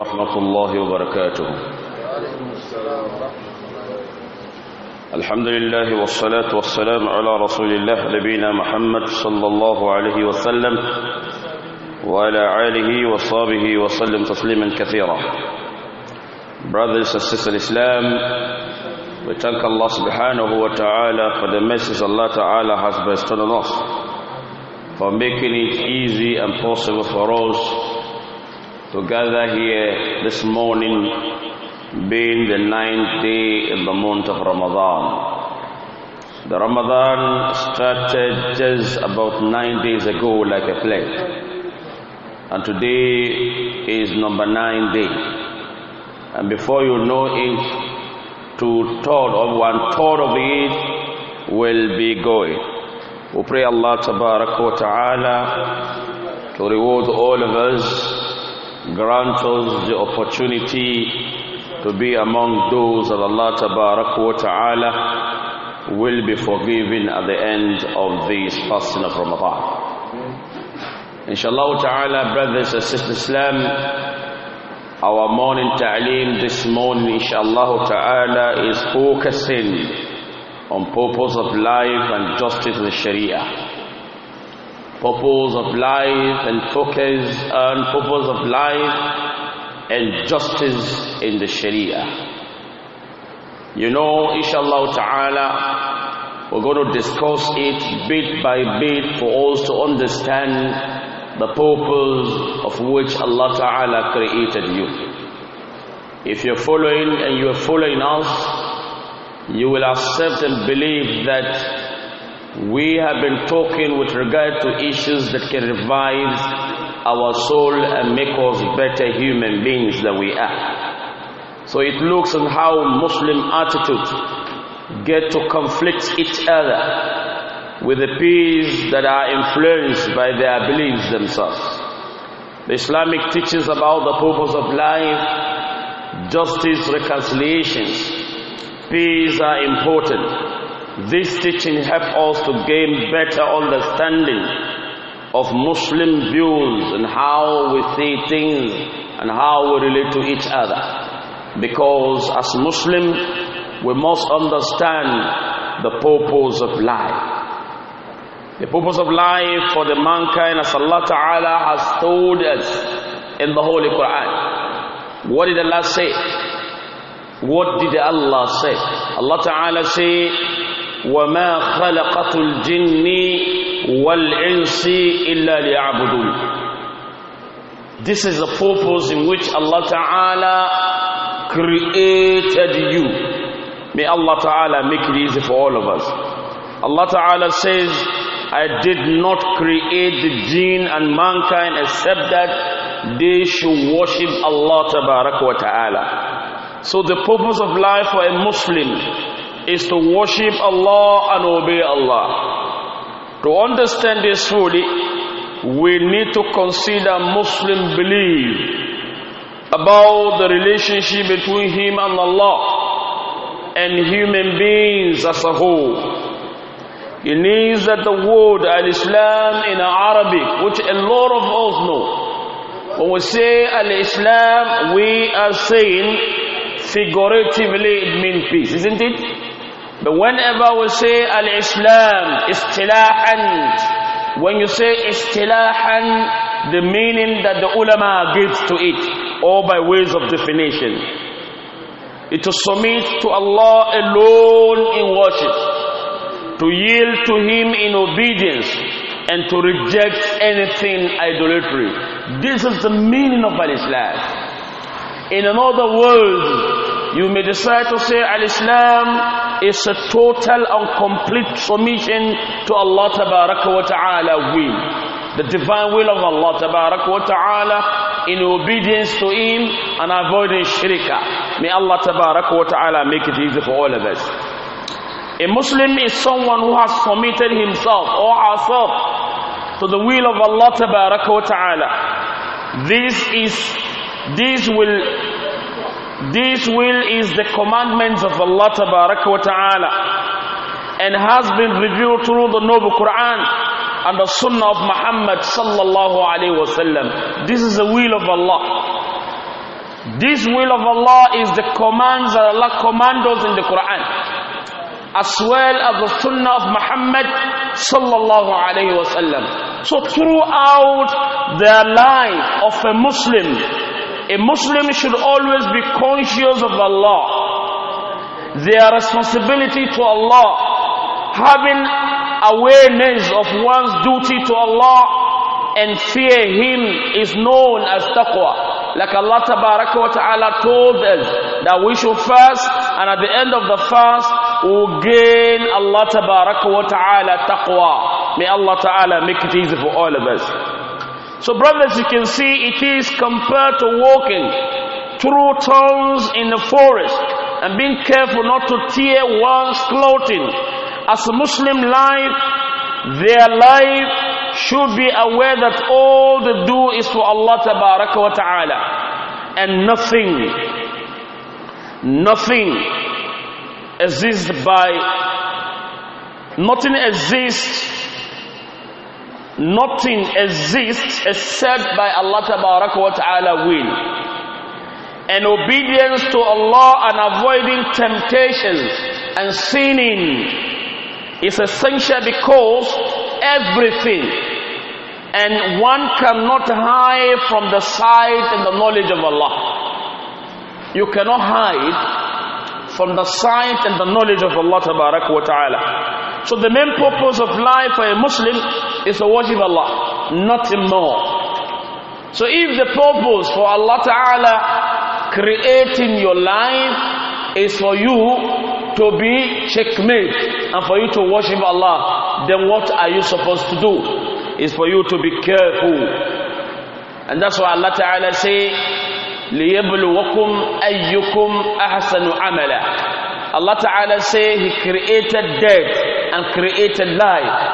ورحمة الله وبركاته الحمد لله والصلاة والسلام على رسول الله نبينا محمد صلى الله عليه وسلم وعلى آله وصحبه وسلم تسليما كثيرا Brothers and sisters in Islam, we thank Allah subhanahu wa ta'ala for the message Allah ta'ala has bestowed on us, for making it easy and possible for us to gather here this morning, being the ninth day of the month of Ramadan. The Ramadan started just about nine days ago, like a plague, and today is number nine day. And before you know it, two third of one third of it will be going. We pray Allah Ta'ala to reward all of us grant us the opportunity to be among those that Allah wa ta'ala will be forgiven at the end of this fasting of Ramadan. Inshallah ta'ala, brothers and sisters Islam, our morning ta'aleem this morning, inshallah ta'ala, is focusing on purpose of life and justice in Sharia purpose of life and focus on purpose of life and justice in the Sharia. You know, inshallah ta'ala, we're going to discuss it bit by bit for us to understand the purpose of which Allah ta'ala created you. If you're following and you're following us, you will accept and believe that we have been talking with regard to issues that can revive our soul and make us better human beings than we are. So it looks on how Muslim attitudes get to conflict each other with the peace that are influenced by their beliefs themselves. The Islamic teachings about the purpose of life, justice, reconciliations. Peace are important. This teaching helps us to gain better understanding of Muslim views and how we see things and how we relate to each other. Because as Muslims, we must understand the purpose of life. The purpose of life for the mankind as Allah Ta'ala has told us in the Holy Quran. What did Allah say? What did Allah say? Allah Ta'ala say, وما خلقت الجن والإنس إلا ليعبدون This is the purpose in which Allah Ta'ala created you. May Allah Ta'ala make it easy for all of us. Allah Ta'ala says, I did not create the jinn and mankind except that they should worship Allah Ta'ala. So the purpose of life for a Muslim is to worship Allah and obey Allah. To understand this fully, we need to consider Muslim belief about the relationship between him and Allah and human beings as a whole. It means that the word Al-Islam in Arabic, which a lot of us know, when we say Al-Islam, we are saying figuratively it means peace, isn't it? But whenever we say al-Islam, istilahan, when you say istilahan, the meaning that the ulama gives to it, all by ways of definition. to submit to Allah alone in worship, to yield to Him in obedience, and to reject anything idolatry. This is the meaning of al-Islam. In another word, you may decide to say al-Islam is a total and complete submission to Allah wa ta'ala will. The divine will of Allah wa ta'ala in obedience to Him and avoiding shirkah. May Allah wa ta'ala make it easy for all of us. A Muslim is someone who has submitted himself or herself to the will of Allah wa ta'ala. This is this will this will is the commandments of Allah wa ta'ala and has been revealed through the noble Quran and the Sunnah of Muhammad sallallahu alaihi wasallam. This is the will of Allah. This will of Allah is the commands that Allah commands in the Quran as well as the sunnah of Muhammad sallallahu alaihi wasallam. So throughout the life of a Muslim, a Muslim should always be conscious of Allah, their responsibility to Allah, having awareness of one's duty to Allah and fear Him is known as taqwa. Like Allah wa ta'ala told us that we should fast and at the end of the fast we will gain Allah wa ta'ala taqwa. May Allah ta'ala make it easy for all of us. So, brothers, you can see it is compared to walking through thorns in the forest and being careful not to tear one's clothing. As a Muslim life, their life should be aware that all they do is for Allah wa ta'ala and nothing, nothing exists by, nothing exists Nothing exists except by Allah wa ta'ala will. And obedience to Allah and avoiding temptations and sinning is essential because everything and one cannot hide from the sight and the knowledge of Allah. You cannot hide from the sight and the knowledge of Allah wa ta'ala. So the main purpose of life for a Muslim is to worship Allah, nothing more. So if the purpose for Allah Ta'ala creating your life is for you to be checkmate and for you to worship Allah, then what are you supposed to do? Is for you to be careful. And that's why Allah Ta'ala say, لِيَبْلُوَكُمْ أَيُّكُمْ أَحْسَنُ عَمَلًا Allah Ta'ala say He created death and created life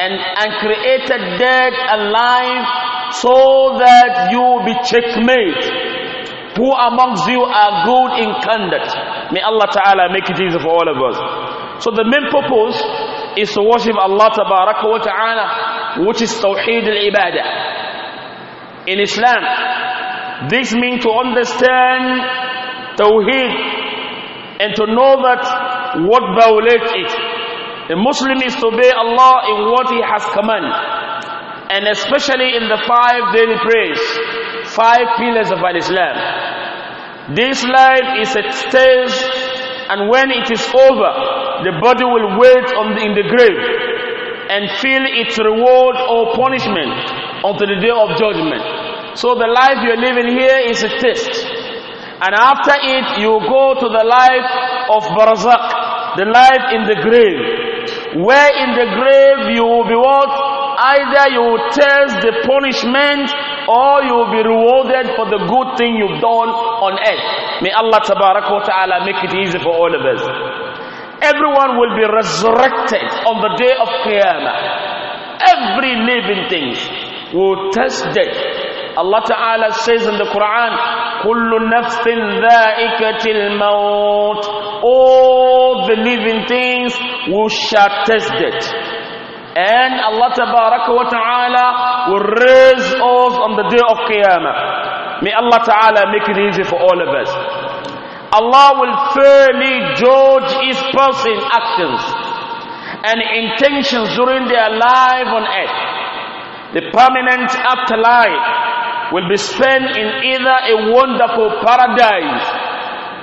and, and created dead and so that you be checkmate. Who amongst you are good in conduct? May Allah Ta'ala make it easy for all of us. So the main purpose is to worship Allah Ta'ala, which is Tawheed al-Ibadah. In Islam, this means to understand Tawheed and to know that what violates it a Muslim is to obey Allah in what He has commanded, and especially in the five daily prayers, five pillars of Islam. This life is a stage, and when it is over, the body will wait on the, in the grave and feel its reward or punishment until the day of judgment. So the life you're living here is a test. And after it, you go to the life of Barzakh, the life in the grave where in the grave you will be what? Either you will taste the punishment or you will be rewarded for the good thing you've done on earth. May Allah wa ta'ala make it easy for all of us. Everyone will be resurrected on the day of Qiyamah. Every living thing will test death. Allah Ta'ala says in the Quran, كل نفس ذائقة الموت all the living things will shall test it and Allah wa ta'ala will raise us on the day of Qiyamah may Allah ta'ala make it easy for all of us Allah will fairly judge each person's actions and intentions during their life on earth the permanent afterlife will be spent in either a wonderful paradise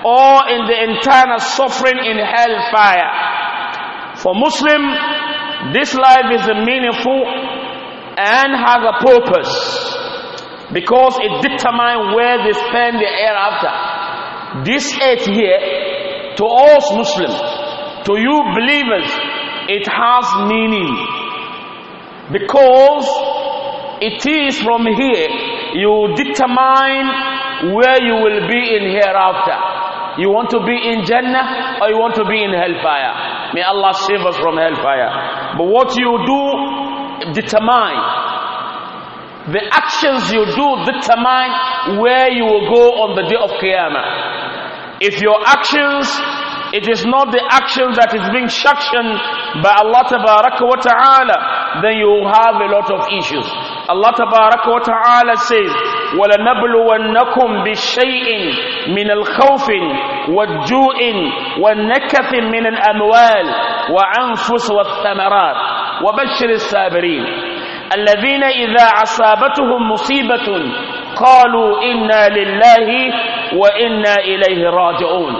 or in the eternal suffering in hellfire. For Muslim, this life is meaningful and has a purpose because it determines where they spend the hereafter. This earth here, to us Muslims, to you believers, it has meaning because it is from here you determine where you will be in hereafter. You want to be in Jannah or you want to be in hellfire. May Allah save us from hellfire. But what you do determine. The actions you do determine where you will go on the day of Qiyamah. If your actions it is not the actions that is being sanctioned by Allah Ta'ala, then you will have a lot of issues. Allah tabaraka wa ta'ala says, وَلَنَبْلُوَنَّكُمْ بِشَيْءٍ مِنَ الْخَوْفٍ وَالْجُوءٍ وَالنَّكَثٍ مِنَ الْأَمْوَالِ وَأَنفُسِ وَالثَّمَرَاتِ وَبَشِّرِ الصَّابِرِينَ الَّذِينَ إِذَا أَصَابَتْهُم مُّصِيبَةٌ قَالُوا إِنَّا لِلَّهِ وَإِنَّا إِلَيْهِ رَاجِعُونَ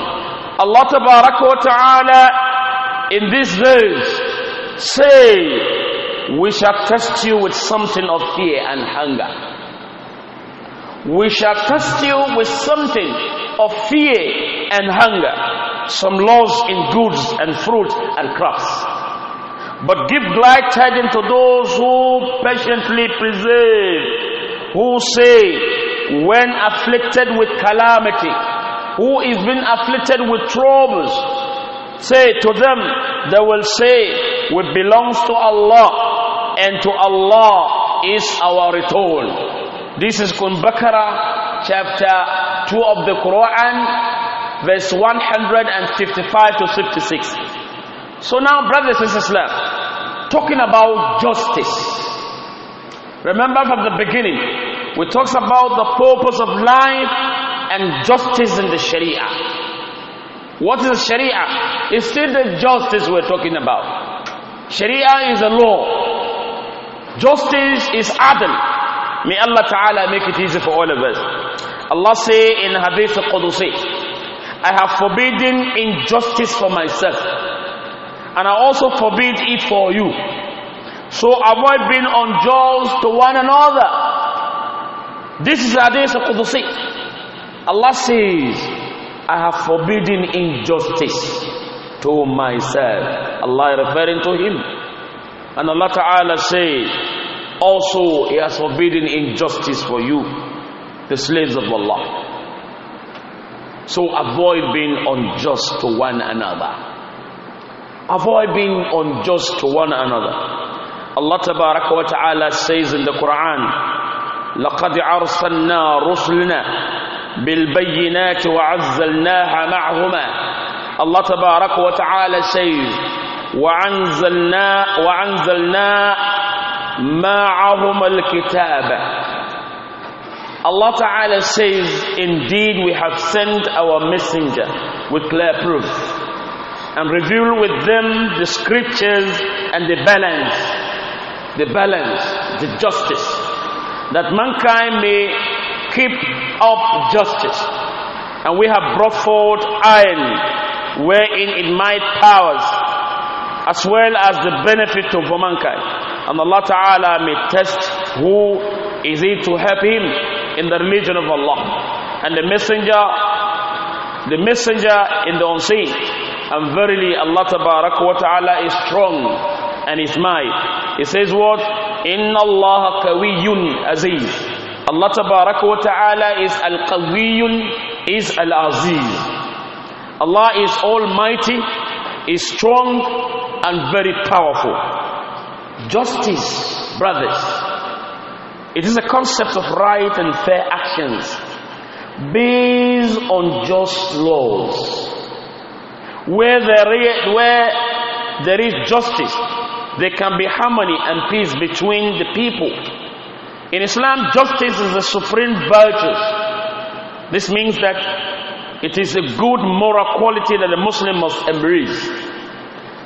Allah tabaraka wa ta'ala in this verse say We shall test you with something of fear and hunger. We shall test you with something of fear and hunger. Some loss in goods and fruit and crops. But give glad tidings to those who patiently preserve, who say, when afflicted with calamity, who is being afflicted with troubles, say to them, they will say, we belongs to Allah and to Allah is our return. This is Kun chapter 2 of the Quran verse 155 to 56. So now brothers and sisters, talking about justice. Remember from the beginning, we talked about the purpose of life and justice in the Sharia. What is Sharia? It's still the justice we're talking about. Sharia is a law Justice is Adam. May Allah Ta'ala make it easy for all of us. Allah say in Hadith al Qudusi, I have forbidden injustice for myself. And I also forbid it for you. So avoid being unjust to one another. This is Hadith al Qudusi. Allah says, I have forbidden injustice to myself. Allah referring to him. And Allah Ta'ala says, also, He has forbidden injustice for you, the slaves of Allah. So avoid being unjust to one another. Avoid being unjust to one another. Allah Tabaraka wa Ta'ala says in the Quran, لقد أرسلنا رسلنا بالبينات وعزلناها معهما الله تبارك وتعالى says وعنزلنا وعنزلنا ma'ahum al Allah Ta'ala says, Indeed, we have sent our messenger with clear proof and reveal with them the scriptures and the balance, the balance, the justice, that mankind may keep up justice. And we have brought forth iron wherein it might powers, as well as the benefit to mankind. And Allah Ta'ala may test who is it to help him in the religion of Allah. And the messenger, the messenger in the unseen. And verily Allah Ta'ala is strong and is might. He says what? Inna Allah kawiyun aziz. Allah Ta'ala is al-qawiyun, is al-aziz. Allah is almighty, is strong and very powerful. Justice, brothers, it is a concept of right and fair actions based on just laws. Where there, where there is justice, there can be harmony and peace between the people. In Islam, justice is a supreme virtue. This means that it is a good moral quality that a Muslim must embrace.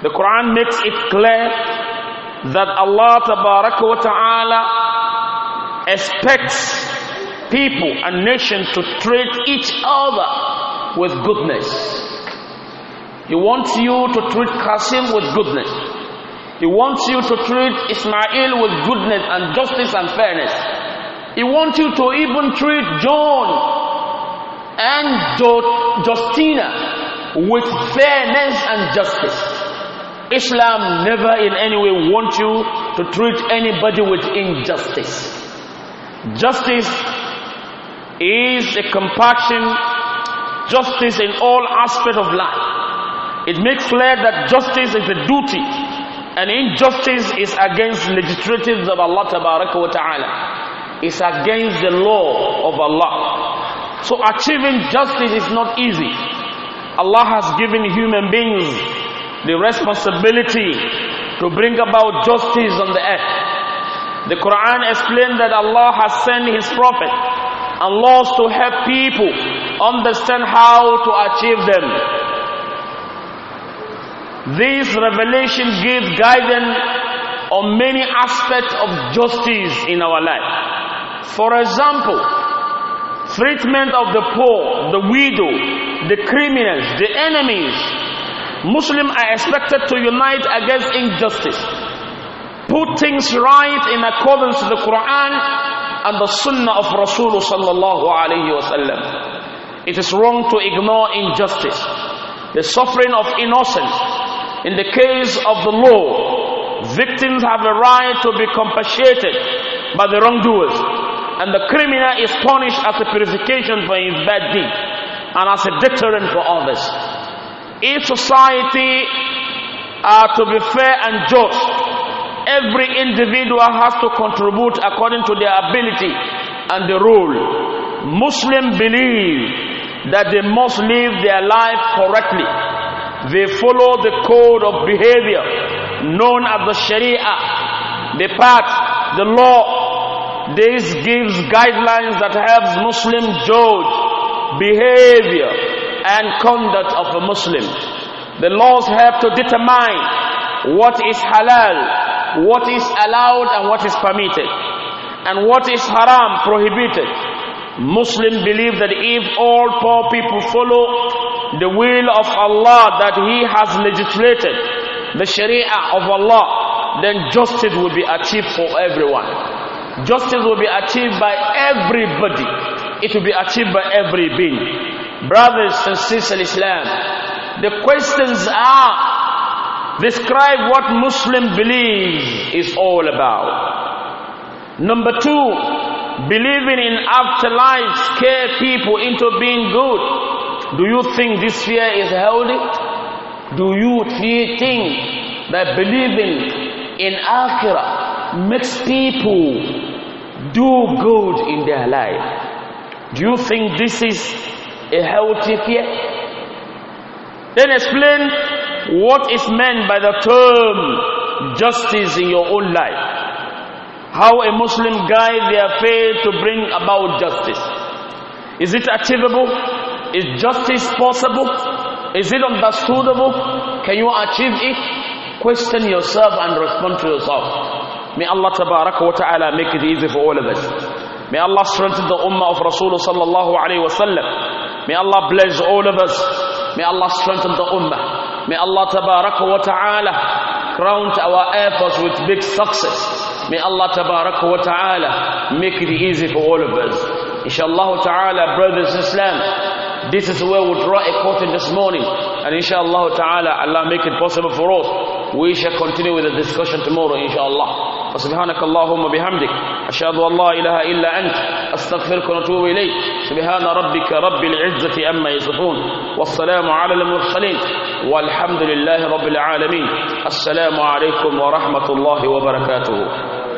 The Quran makes it clear that Allah Ta'ala expects people and nations to treat each other with goodness. He wants you to treat Qasim with goodness. He wants you to treat Ismail with goodness and justice and fairness. He wants you to even treat John and Justina with fairness and justice. Islam never in any way wants you to treat anybody with injustice. Justice is a compassion. justice in all aspects of life. It makes clear that justice is a duty and injustice is against legislatives of Allah Ta'ala. It's against the law of Allah. So achieving justice is not easy. Allah has given human beings the responsibility to bring about justice on the earth. The Quran explained that Allah has sent His Prophet and laws to help people understand how to achieve them. This revelation gives guidance on many aspects of justice in our life. For example, treatment of the poor, the widow, the criminals, the enemies, Muslims are expected to unite against injustice, put things right in accordance to the Quran and the Sunnah of Rasulullah It is wrong to ignore injustice, the suffering of innocence. In the case of the law, victims have a right to be compensated by the wrongdoers, and the criminal is punished as a purification for his bad deed and as a deterrent for others. If society are to be fair and just, every individual has to contribute according to their ability and the rule. Muslims believe that they must live their life correctly. They follow the code of behavior known as the Sharia, the path, the law. This gives guidelines that helps Muslim judge behavior and conduct of a Muslim. The laws have to determine what is halal, what is allowed and what is permitted, and what is haram, prohibited. Muslims believe that if all poor people follow the will of Allah that He has legislated, the Sharia of Allah, then justice will be achieved for everyone. Justice will be achieved by everybody. It will be achieved by every being brothers and sisters in Islam, the questions are describe what Muslim belief is all about. Number two, believing in afterlife scare people into being good. Do you think this fear is healthy? Do you think that believing in Akhirah makes people do good in their life? Do you think this is a healthy fear. Then explain what is meant by the term justice in your own life. How a Muslim guide their faith to bring about justice. Is it achievable? Is justice possible? Is it understandable? Can you achieve it? Question yourself and respond to yourself. May Allah wa ta'ala make it easy for all of us. May Allah strengthen the ummah of Rasulullah sallallahu alayhi wa sallam. May Allah bless all of us. May Allah strengthen the Ummah. May Allah tabaraka wa ta'ala crown our efforts with big success. May Allah tabaraka wa ta'ala make it easy for all of us. Inshallah ta'ala, brothers in Islam, this is where we we draw a curtain this morning. And inshallah ta'ala, Allah make it possible for us. We shall continue with the discussion tomorrow, inshallah. وسبحانك اللهم بحمدك أشهد أن لا إله إلا أنت أستغفرك واتوب إليك سبحان ربك رب العزة أما يصفون والسلام على المرسلين والحمد لله رب العالمين السلام عليكم ورحمة الله وبركاته